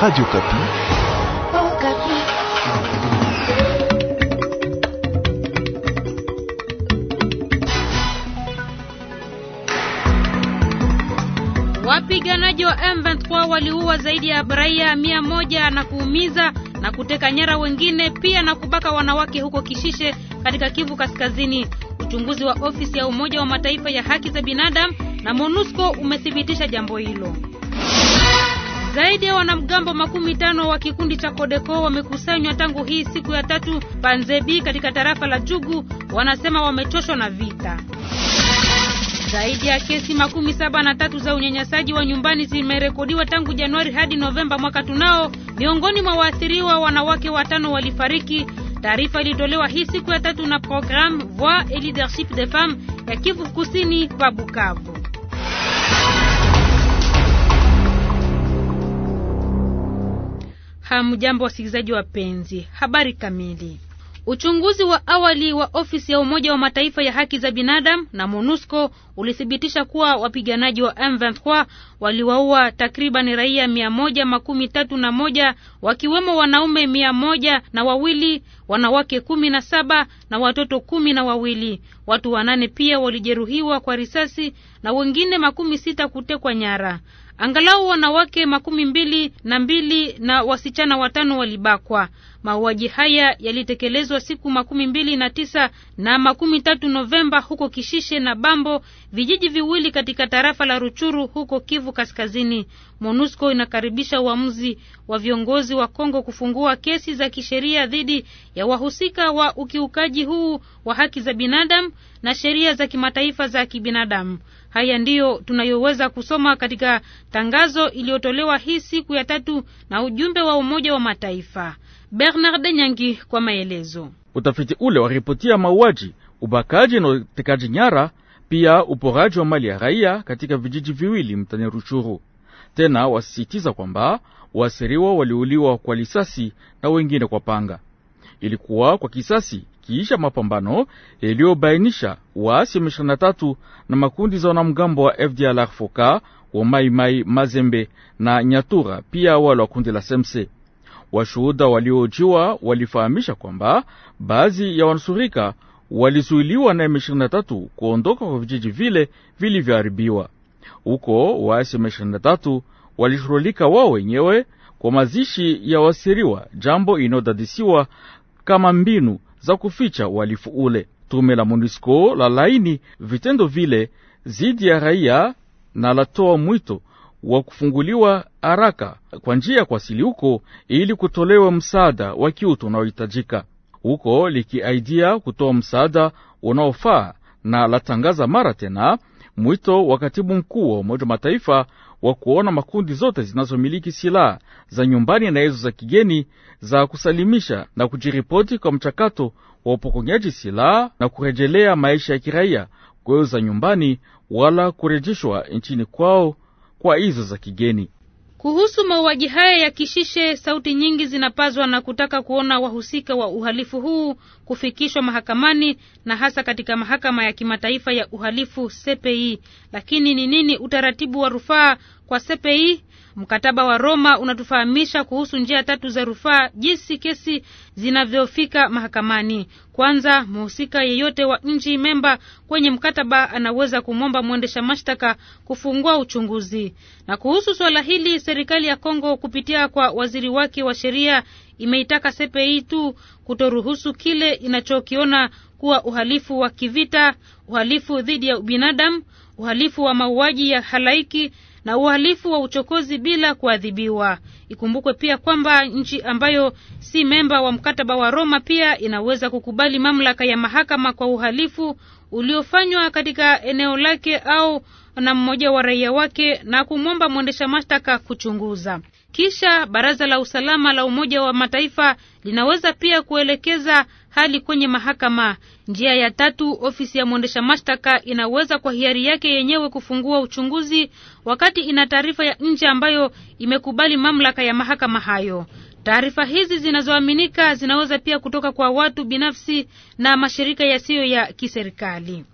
Radio Kapi. Oh, Kapi. Wapiganaji wa M23 waliua zaidi ya raia mia moja na kuumiza na kuteka nyara wengine pia na kubaka wanawake huko Kishishe katika Kivu Kaskazini. Uchunguzi wa ofisi ya Umoja wa Mataifa ya haki za binadamu na MONUSCO umethibitisha jambo hilo. Zaidi ya wanamgambo makumi tano wa kikundi cha Kodeko wamekusanywa tangu hii siku ya tatu Panzebi katika tarafa la Jugu, wanasema wamechoshwa na vita. Zaidi ya kesi makumi saba na tatu za unyanyasaji wa nyumbani zimerekodiwa tangu Januari hadi Novemba mwaka tunao. Miongoni mwa waathiriwa wanawake watano walifariki. Taarifa ilitolewa hii siku ya tatu na programu Voix et Leadership des Femmes ya Kivu Kusini pa Bukavu. Hamjambo wasikilizaji wapenzi, habari kamili. Uchunguzi wa awali wa ofisi ya Umoja wa Mataifa ya haki za binadamu na MONUSCO ulithibitisha kuwa wapiganaji wa M23 waliwaua takriban raia mia moja makumi tatu na moja wakiwemo wanaume mia moja na wawili, wanawake kumi na saba na watoto kumi na wawili. Watu wanane pia walijeruhiwa kwa risasi na wengine makumi sita kutekwa nyara. Angalau wanawake makumi mbili na mbili na wasichana watano walibakwa. Mauaji haya yalitekelezwa siku makumi mbili na tisa na makumi tatu Novemba huko Kishishe na Bambo, vijiji viwili katika tarafa la Ruchuru huko Kivu Kaskazini. MONUSCO inakaribisha uamuzi wa viongozi wa Kongo kufungua kesi za kisheria dhidi ya wahusika wa ukiukaji huu wa haki za binadamu na sheria za kimataifa za kibinadamu. Haya ndiyo tunayoweza kusoma katika tangazo iliyotolewa hii siku ya tatu na ujumbe wa Umoja wa Mataifa. Bernard Nyangi kwa maelezo. Utafiti ule waripotia mauaji, ubakaji na utekaji nyara, pia uporaji wa mali ya raia katika vijiji viwili mtani Ruchuru. Tena wasisitiza kwamba waasiriwa waliuliwa kwa lisasi na wengine kwa panga. Ilikuwa kwa kisasi kiisha mapambano yaliyobainisha waasi wa M23 na makundi za wanamgambo wa FDLR-Foka wa Mai Mai Mazembe na Nyatura, pia wale wa kundi la Semse. Washuhuda waliojiwa walifahamisha kwamba baadhi ya wanusurika walizuiliwa na M23 kuondoka kwa vijiji vile vilivyoharibiwa. Huko waasi M23 walishughulika wao wenyewe kwa mazishi ya wasiriwa, jambo inayodadisiwa kama mbinu za kuficha uhalifu ule. Tume la MONUSCO la laini vitendo vile dhidi ya raia na latoa mwito wa kufunguliwa haraka kwa njia ya kuasili huko ili kutolewa msaada wa kiutu unaohitajika huko, likiaidia kutoa msaada unaofaa na latangaza mara tena mwito wa katibu mkuu wa Umoja wa Mataifa wa kuona makundi zote zinazomiliki silaha za nyumbani na hizo za kigeni za kusalimisha na kujiripoti kwa mchakato wa upokonyaji silaha na kurejelea maisha ya kiraia kwao za nyumbani wala kurejeshwa nchini kwao kwa hizo za kigeni. Kuhusu mauaji haya ya Kishishe, sauti nyingi zinapazwa na kutaka kuona wahusika wa uhalifu huu kufikishwa mahakamani na hasa katika mahakama ya kimataifa ya uhalifu CPI. E. Lakini ni nini utaratibu wa rufaa kwa CPI? E? Mkataba wa Roma unatufahamisha kuhusu njia tatu za rufaa jinsi kesi zinavyofika mahakamani. Kwanza, mhusika yeyote wa nchi memba kwenye mkataba anaweza kumwomba mwendesha mashtaka kufungua uchunguzi. Na kuhusu suala hili, serikali ya Kongo kupitia kwa waziri wake wa sheria imeitaka CPI tu kutoruhusu kile inachokiona kuwa uhalifu wa kivita, uhalifu dhidi ya ubinadamu, uhalifu wa mauaji ya halaiki na uhalifu wa uchokozi bila kuadhibiwa. Ikumbukwe pia kwamba nchi ambayo si memba wa mkataba wa Roma pia inaweza kukubali mamlaka ya mahakama kwa uhalifu uliofanywa katika eneo lake au na mmoja wa raia wake na kumwomba mwendesha mashtaka kuchunguza. Kisha Baraza la Usalama la Umoja wa Mataifa linaweza pia kuelekeza hali kwenye mahakama. Njia ya tatu, ofisi ya mwendesha mashtaka inaweza kwa hiari yake yenyewe kufungua uchunguzi wakati ina taarifa ya nje ambayo imekubali mamlaka ya mahakama hayo. Taarifa hizi zinazoaminika zinaweza pia kutoka kwa watu binafsi na mashirika yasiyo ya kiserikali.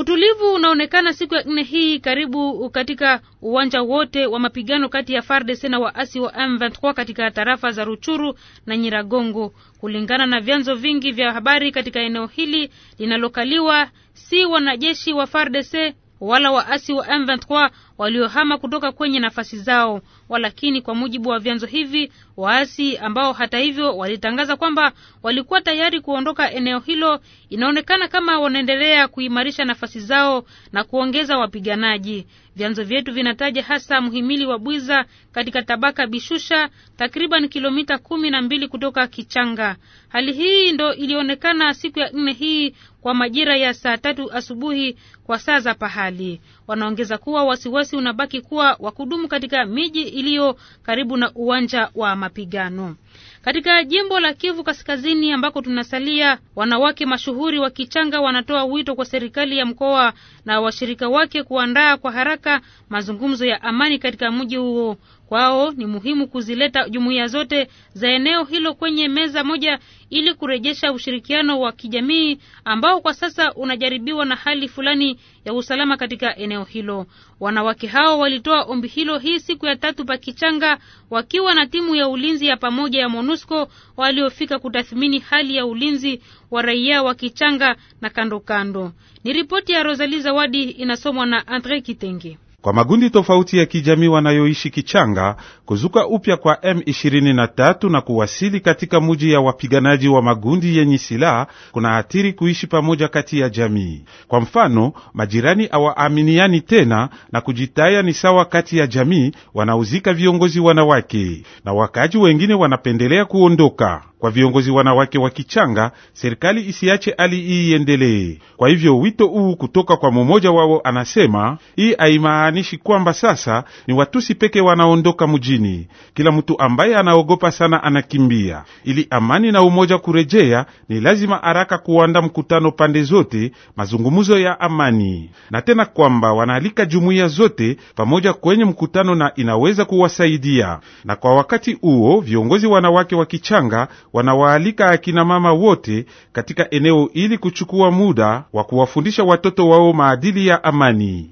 Utulivu unaonekana siku ya nne hii karibu katika uwanja wote wa mapigano kati ya FARDC na waasi wa M23 katika tarafa za Ruchuru na Nyiragongo. Kulingana na vyanzo vingi vya habari katika eneo hili linalokaliwa, si wanajeshi wa FARDC wala waasi wa M23 waliohama kutoka kwenye nafasi zao. Walakini, kwa mujibu wa vyanzo hivi, waasi ambao hata hivyo walitangaza kwamba walikuwa tayari kuondoka eneo hilo, inaonekana kama wanaendelea kuimarisha nafasi zao na kuongeza wapiganaji. Vyanzo vyetu vinataja hasa mhimili wa Bwiza katika tabaka Bishusha, takriban kilomita kumi na mbili kutoka Kichanga. Hali hii ndo ilionekana siku ya nne hii kwa majira ya saa tatu asubuhi kwa saa za pahali. Wanaongeza kuwa wasiwasi wasiwasi unabaki kuwa wa kudumu katika miji iliyo karibu na uwanja wa mapigano. Katika jimbo la Kivu Kaskazini ambako tunasalia, wanawake mashuhuri wa Kichanga wanatoa wito kwa serikali ya mkoa na washirika wake kuandaa kwa haraka mazungumzo ya amani katika mji huo. Kwao ni muhimu kuzileta jumuiya zote za eneo hilo kwenye meza moja ili kurejesha ushirikiano wa kijamii ambao kwa sasa unajaribiwa na hali fulani ya usalama katika eneo hilo. Wanawake hao walitoa ombi hilo hii siku ya tatu pa Kichanga wakiwa na timu ya ulinzi ya pamoja ya MONUSCO waliofika kutathmini hali ya ulinzi wa raia wa Kichanga na kando kando. Ni ripoti ya Rosalie Zawadi inasomwa na Andre Kitenge kwa magundi tofauti ya kijamii wanayoishi Kichanga, kuzuka upya kwa M23 na kuwasili katika muji ya wapiganaji wa magundi yenye silaha hatiri kuishi pamoja kati ya jamii. Kwa mfano, majirani awaaminiani tena na kujitaya ni sawa kati ya jamii, wanauzika viongozi wanawake, na wakaaji wengine wanapendelea kuondoka kwa viongozi wanawake wa kichanga, serikali isiache hali iyi iendelee. Kwa hivyo wito huu kutoka kwa mmoja wao anasema, hii haimaanishi kwamba sasa ni watusi peke wanaondoka mjini. Kila mtu ambaye anaogopa sana anakimbia. Ili amani na umoja kurejea, ni lazima haraka kuanda mkutano pande zote, mazungumzo ya amani, na tena kwamba wanaalika jumuiya zote pamoja kwenye mkutano na inaweza kuwasaidia. Na kwa wakati huo viongozi wanawake wa kichanga wanawaalika akina mama wote katika eneo ili kuchukua muda wa kuwafundisha watoto wao maadili ya amani.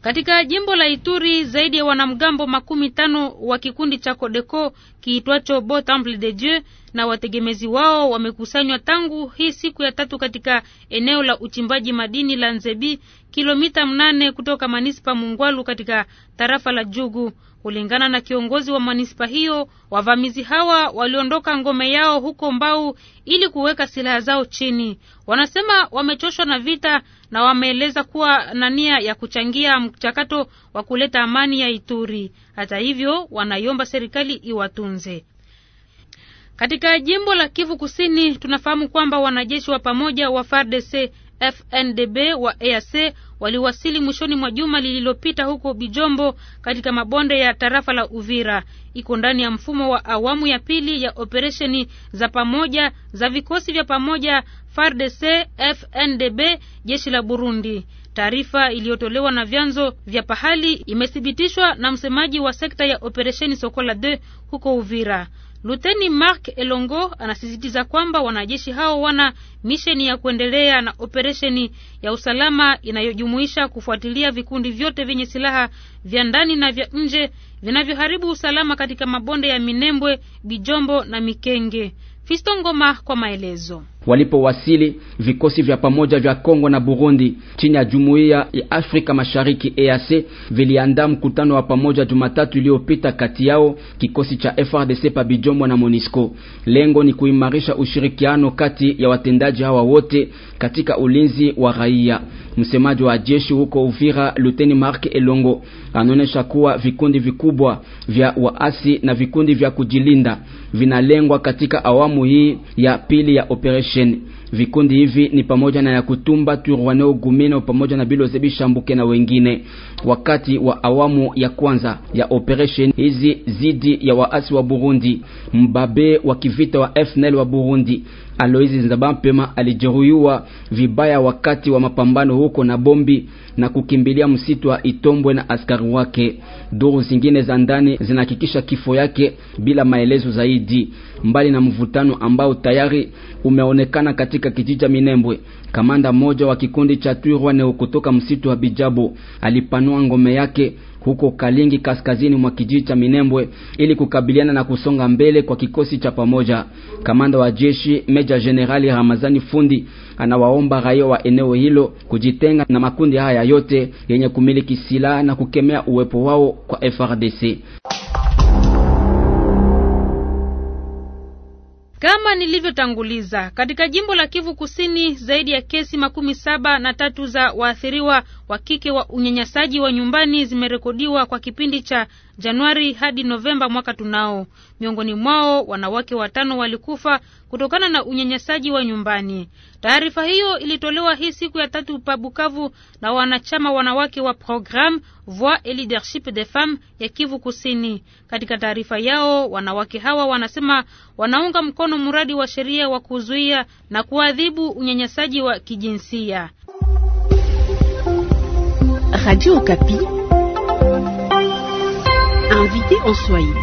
Katika jimbo la Ituri zaidi ya wanamgambo makumi tano wa kikundi cha Kodeko kiitwacho Beau Temple de Dieu na wategemezi wao wamekusanywa tangu hii siku ya tatu katika eneo la uchimbaji madini la Nzebi, kilomita mnane kutoka manispa Mungwalu katika tarafa la Jugu. Kulingana na kiongozi wa manispa hiyo, wavamizi hawa waliondoka ngome yao huko Mbau ili kuweka silaha zao chini. Wanasema wamechoshwa na vita na wameeleza kuwa na nia ya kuchangia mchakato wa kuleta amani ya Ituri. Hata hivyo, wanaiomba serikali iwatunze. Katika jimbo la Kivu Kusini tunafahamu kwamba wanajeshi wa pamoja wa FARDC FNDB wa EAC waliwasili mwishoni mwa juma lililopita huko Bijombo katika mabonde ya tarafa la Uvira. Iko ndani ya mfumo wa awamu ya pili ya operesheni za pamoja za vikosi vya pamoja FARDC, FNDB, jeshi la Burundi. Taarifa iliyotolewa na vyanzo vya pahali imethibitishwa na msemaji wa sekta ya operesheni Sokola 2 huko Uvira. Luteni Mark Elongo anasisitiza kwamba wanajeshi hao wana misheni ya kuendelea na operesheni ya usalama inayojumuisha kufuatilia vikundi vyote vyenye silaha vya ndani na vya nje vinavyoharibu usalama katika mabonde ya Minembwe, Bijombo na Mikenge. Fisto Ngoma kwa maelezo. Walipowasili vikosi vya pamoja vya Kongo na Burundi chini ya Jumuiya ya Afrika Mashariki EAC viliandaa mkutano wa pamoja Jumatatu iliyopita, kati yao kikosi cha FRDC Pabijombo na Monisco. Lengo ni kuimarisha ushirikiano kati ya watendaji hawa wote katika ulinzi wa raia. Msemaji wa jeshi huko Uvira, Luteni Mark Elongo, anaonyesha kuwa vikundi vikubwa vya waasi na vikundi vya kujilinda vinalengwa katika awamu hii ya pili ya operation operesheni. Vikundi hivi ni pamoja na ya Kutumba, Turwaneo, Gumeno pamoja na Biloze, Bishambuke na wengine. Wakati wa awamu ya kwanza ya operesheni hizi zidi ya waasi wa Burundi, mbabe wa kivita wa FNL wa Burundi Aloisi Nzabampema alijeruhiwa vibaya wakati wa mapambano huko na Bombi na kukimbilia msitu wa Itombwe na askari wake. Duru zingine za ndani zinahakikisha kifo yake bila maelezo zaidi, mbali na mvutano ambao tayari umeonekana katika kijiji cha Minembwe. Kamanda mmoja wa kikundi cha Twirwaneho kutoka msitu wa Bijabo alipanua ngome yake huko Kalingi kaskazini mwa kijiji cha Minembwe ili kukabiliana na kusonga mbele kwa kikosi cha pamoja. Kamanda wa jeshi Meja Jenerali Ramazani Fundi anawaomba raia wa eneo hilo kujitenga na makundi haya yote yenye kumiliki silaha na kukemea uwepo wao kwa FRDC. nilivyotanguliza, katika jimbo la Kivu Kusini zaidi ya kesi makumi saba na tatu za waathiriwa wa kike wa unyanyasaji wa nyumbani zimerekodiwa kwa kipindi cha Januari hadi Novemba mwaka tunao. Miongoni mwao wanawake watano walikufa kutokana na unyanyasaji wa nyumbani. Taarifa hiyo ilitolewa hii siku ya tatu pa Bukavu na wanachama wanawake wa Programme Voix et Leadership des Femmes ya Kivu Kusini. Katika taarifa yao, wanawake hawa wanasema wanaunga mkono mradi wa sheria wa kuzuia na kuadhibu unyanyasaji wa kijinsia. Radio Kapi. Invité en Swahili.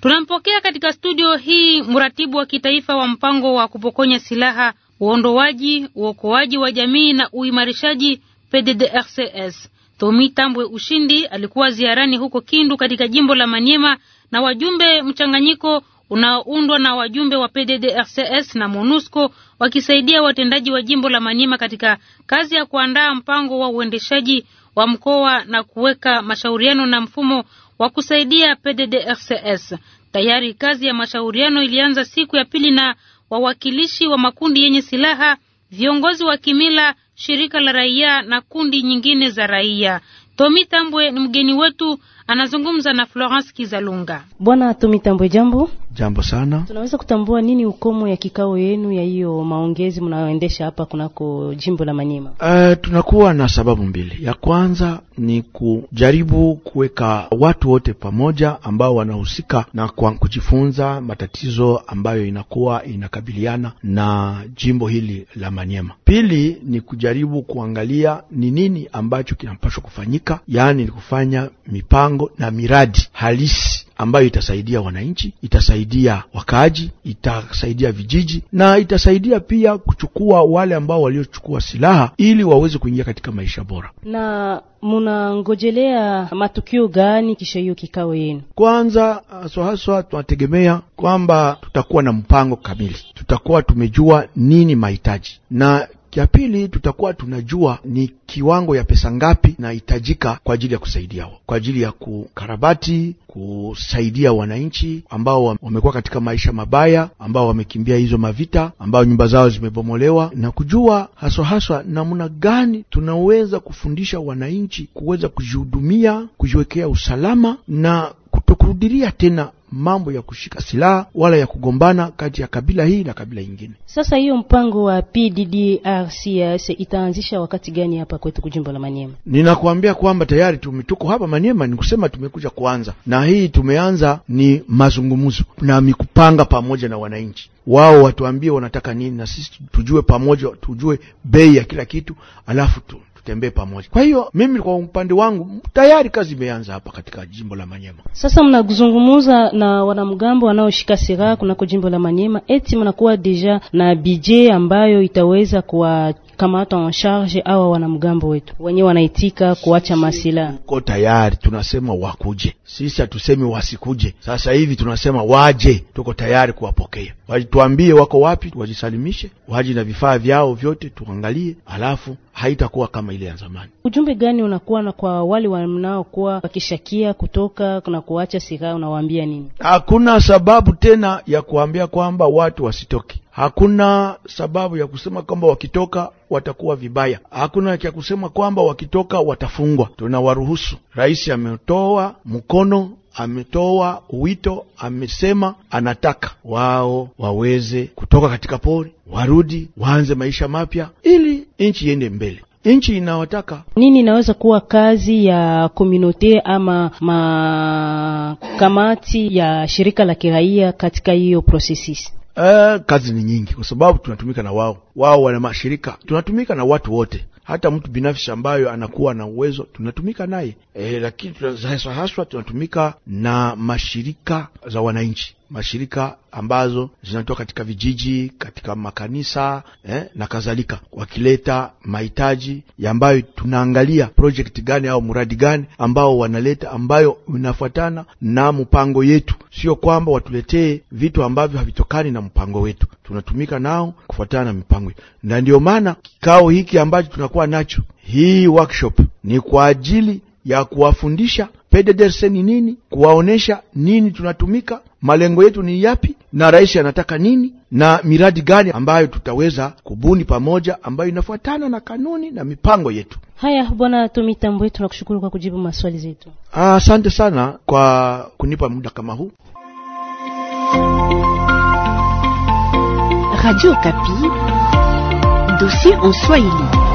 Tunampokea katika studio hii mratibu wa kitaifa wa mpango wa kupokonya silaha, uondoaji, uokoaji wa jamii na uimarishaji PDDRCS. Tomi Tambwe Ushindi alikuwa ziarani huko Kindu katika jimbo la Maniema na wajumbe mchanganyiko unaoundwa na wajumbe wa PDDRCS na MONUSCO wakisaidia watendaji wa jimbo la Maniema katika kazi ya kuandaa mpango wa uendeshaji wa mkoa na kuweka mashauriano na mfumo wa kusaidia PDDRCS. Tayari kazi ya mashauriano ilianza siku ya pili na wawakilishi wa makundi yenye silaha, viongozi wa kimila, shirika la raia na kundi nyingine za raia. Tomi Tambwe ni mgeni wetu, anazungumza na Florence Kizalunga. Bwana Tomi Tambwe, jambo. Jambo sana. Tunaweza kutambua nini ukomo ya kikao yenu ya hiyo maongezi mnayoendesha hapa kunako jimbo la Manyema? Uh, tunakuwa na sababu mbili. Ya kwanza ni kujaribu kuweka watu wote pamoja ambao wanahusika na kwa kujifunza matatizo ambayo inakuwa inakabiliana na jimbo hili la Manyema. Pili ni kujaribu kuangalia ni nini ambacho kinapaswa kufanyika, yaani ni kufanya mipango na miradi halisi ambayo itasaidia wananchi, itasaidia wakaaji, itasaidia vijiji na itasaidia pia kuchukua wale ambao waliochukua silaha ili waweze kuingia katika maisha bora. Na munangojelea matukio gani kisha hiyo kikao yenu? Kwanza haswa haswa tunategemea kwamba tutakuwa na mpango kamili, tutakuwa tumejua nini mahitaji na ya pili tutakuwa tunajua ni kiwango ya pesa ngapi nahitajika kwa ajili ya kusaidia kwa ajili ya kukarabati, kusaidia wananchi ambao wamekuwa katika maisha mabaya, ambao wamekimbia hizo mavita, ambao nyumba zao zimebomolewa, na kujua haswa haswa namna gani tunaweza kufundisha wananchi kuweza kujihudumia, kujiwekea usalama na kutokurudilia tena mambo ya kushika silaha wala ya kugombana kati ya kabila hii na kabila nyingine. Sasa hiyo mpango wa PDDRCS itaanzisha wakati gani hapa kwetu kujimbo la Maniema? Ninakuambia kwamba tayari tumetuko hapa Maniema, ni kusema tumekuja kuanza na hii, tumeanza ni mazungumzo na mikupanga pamoja na wananchi wao watuambie wanataka nini, na sisi tujue pamoja, tujue bei ya kila kitu, alafu tu tutembee pamoja. Kwa hiyo mimi kwa upande wangu tayari kazi imeanza hapa katika jimbo la Manyema. Sasa mnazungumuza na wanamgambo wanaoshika silaha kunako jimbo la Manyema, eti mnakuwa deja na bije ambayo itaweza kuwa kukamata en charge hawa wanamgambo wetu wenye wanaitika kuacha masila. Uko tayari, tunasema wakuje, sisi hatusemi wasikuje. Sasa hivi tunasema waje, tuko tayari kuwapokea. Wajituambie wako wapi, wajisalimishe, waje na vifaa vyao vyote, tuangalie, alafu haitakuwa kama ile ya zamani. Ujumbe gani unakuwa na kwa wale wanaokuwa wakishakia kutoka na kuacha silaha, unawaambia nini? Hakuna sababu tena ya kuambia kwamba watu wasitoke Hakuna sababu ya kusema kwamba wakitoka watakuwa vibaya, hakuna cha kusema kwamba wakitoka watafungwa. Tunawaruhusu. Rais ametoa mkono, ametoa wito, amesema anataka wao waweze kutoka katika pori, warudi waanze maisha mapya, ili nchi iende mbele. Nchi inawataka nini? Inaweza kuwa kazi ya komunote ama makamati ya shirika la kiraia katika hiyo processes Uh, kazi ni nyingi kwa sababu tunatumika na wao, wao wana mashirika, tunatumika na watu wote, hata mtu binafsi ambayo anakuwa na uwezo tunatumika naye. Eh, lakini haswa haswa tunatumika na mashirika za wananchi mashirika ambazo zinatoka katika vijiji, katika makanisa eh, na kadhalika, wakileta mahitaji ambayo tunaangalia project gani au mradi gani ambao wanaleta ambayo unafuatana na mpango yetu, sio kwamba watuletee vitu ambavyo havitokani na mpango wetu. Tunatumika nao kufuatana na mipango, na ndio maana kikao hiki ambacho tunakuwa nacho, hii workshop ni kwa ajili ya kuwafundisha PDDRC ni nini, kuwaonesha nini tunatumika, malengo yetu ni yapi, na rais anataka nini, na miradi gani ambayo tutaweza kubuni pamoja, ambayo inafuatana na kanuni na mipango yetu. Haya, bwana Tomitambwe, tunakushukuru kwa kujibu maswali zetu. Asante sana kwa kunipa muda kama huu. Radio Kapi, dossier en Swahili.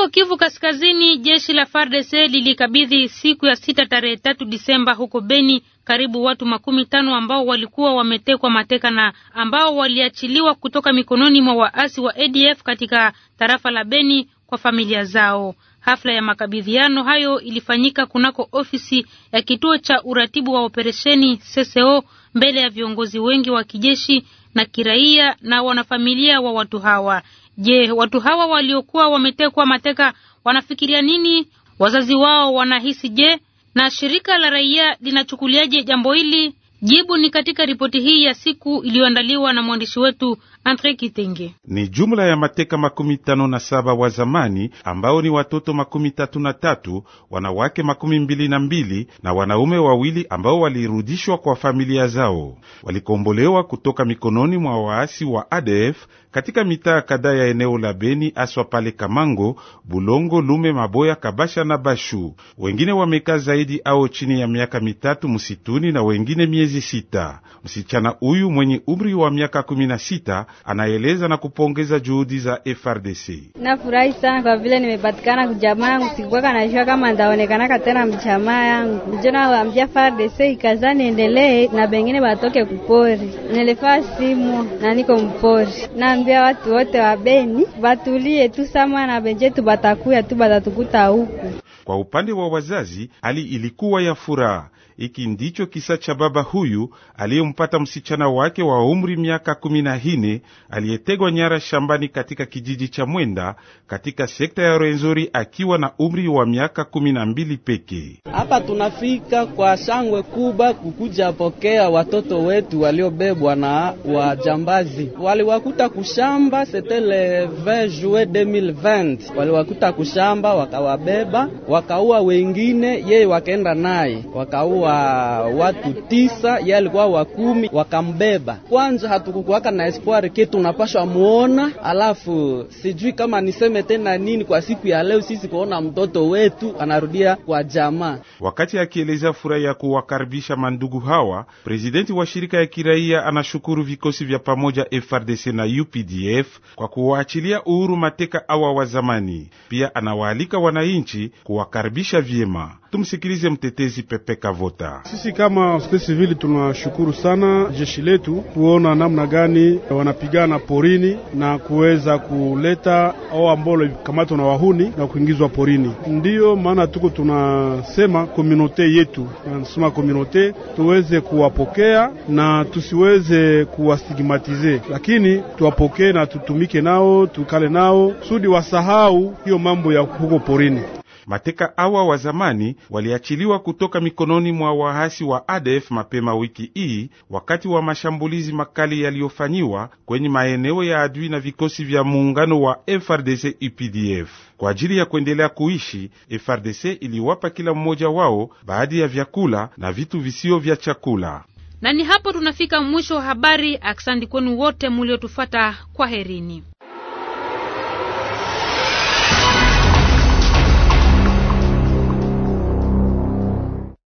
Huko Kivu Kaskazini, jeshi la FARDC lilikabidhi siku ya sita tarehe tatu Disemba huko Beni karibu watu makumi tano ambao walikuwa wametekwa mateka na ambao waliachiliwa kutoka mikononi mwa waasi wa ADF katika tarafa la Beni kwa familia zao. Hafla ya makabidhiano hayo ilifanyika kunako ofisi ya kituo cha uratibu wa operesheni CCO mbele ya viongozi wengi wa kijeshi na kiraia na wanafamilia wa watu hawa. Je, watu hawa waliokuwa wametekwa mateka wanafikiria nini? Wazazi wao wanahisi je? Na shirika la raia linachukuliaje jambo hili? Jibu ni katika ripoti hii ya siku iliyoandaliwa na mwandishi wetu Andre Kitenge. Ni jumla ya mateka makumi tano na saba wa zamani ambao ni watoto makumi tatu na tatu, wanawake makumi mbili na mbili na wanaume wawili ambao walirudishwa kwa familia zao. Walikombolewa kutoka mikononi mwa waasi wa ADF katika mitaa kadhaa ya eneo la Beni, aswa pale Kamango, Bulongo, Lume, Maboya, Kabasha na Bashu. Wengine wamekaa zaidi au chini ya miaka mitatu msituni na wengine miezi miezi sita. Msichana huyu mwenye umri wa miaka kumi na sita anaeleza na kupongeza juhudi za FRDC. Nafurahi sana kwa vile nimepatikana kujamaa yangu, sikuwaka najua kama ndaonekanaka tena mjamaa yangu, njonawambia FRDC ikaza niendelee na bengine batoke kupori. Nilifaa simu na niko mpori, naambia watu wote wa Beni batulie tu sama na benje tu batakuya tu batatukuta huku. Kwa upande wa wazazi hali ilikuwa ya furaha. Hiki ndicho kisa cha baba huyu aliyempata msichana wake wa umri miaka kumi na nne aliyetegwa nyara shambani katika kijiji cha Mwenda katika sekta ya Rwenzori akiwa na umri wa miaka kumi na mbili pekee. Hapa tunafika kwa shangwe kubwa kukuja pokea watoto wetu waliobebwa na wajambazi. Waliwakuta kushamba setele 20 juin 2020, waliwakuta kushamba wakawabeba, wakauwa wengine, yeye wakaenda naye wakaua wa watu tisa, yeye alikuwa wa kumi, wakambeba. Kwanza hatukukuwaka na espoir ke tunapashwa muona, alafu sijui kama niseme tena nini kwa siku ya leo, sisi kuona mtoto wetu anarudia kwa jamaa. Wakati akielezea furaha ya kuwakaribisha mandugu hawa, presidenti wa shirika ya kiraia anashukuru vikosi vya pamoja FRDC na UPDF kwa kuwaachilia uhuru mateka awa wa zamani. Pia anawaalika wananchi kuwakaribisha vyema. Tumsikilize mtetezi Pepe Kavota. Sisi kama site sivili tunashukuru sana jeshi letu kuona namna gani wanapigana porini na kuweza kuleta au ambolo kamatwa na wahuni na kuingizwa porini. Ndiyo maana tuko tunasema komunote yetu, tunasema komunote tuweze kuwapokea na tusiweze kuwastigmatize, lakini tuwapokee na tutumike nao, tukale nao sudi wasahau hiyo mambo ya huko porini. Mateka awa wa zamani waliachiliwa kutoka mikononi mwa waasi wa ADF mapema wiki hii wakati wa mashambulizi makali yaliyofanyiwa kwenye maeneo ya adui na vikosi vya muungano wa FRDC UPDF. Kwa ajili ya kuendelea kuishi, FRDC iliwapa kila mmoja wao baadhi ya vyakula na vitu visio vya chakula. Na ni hapo tunafika mwisho wa habari. Aksandi kwenu wote muliotufata, kwa herini.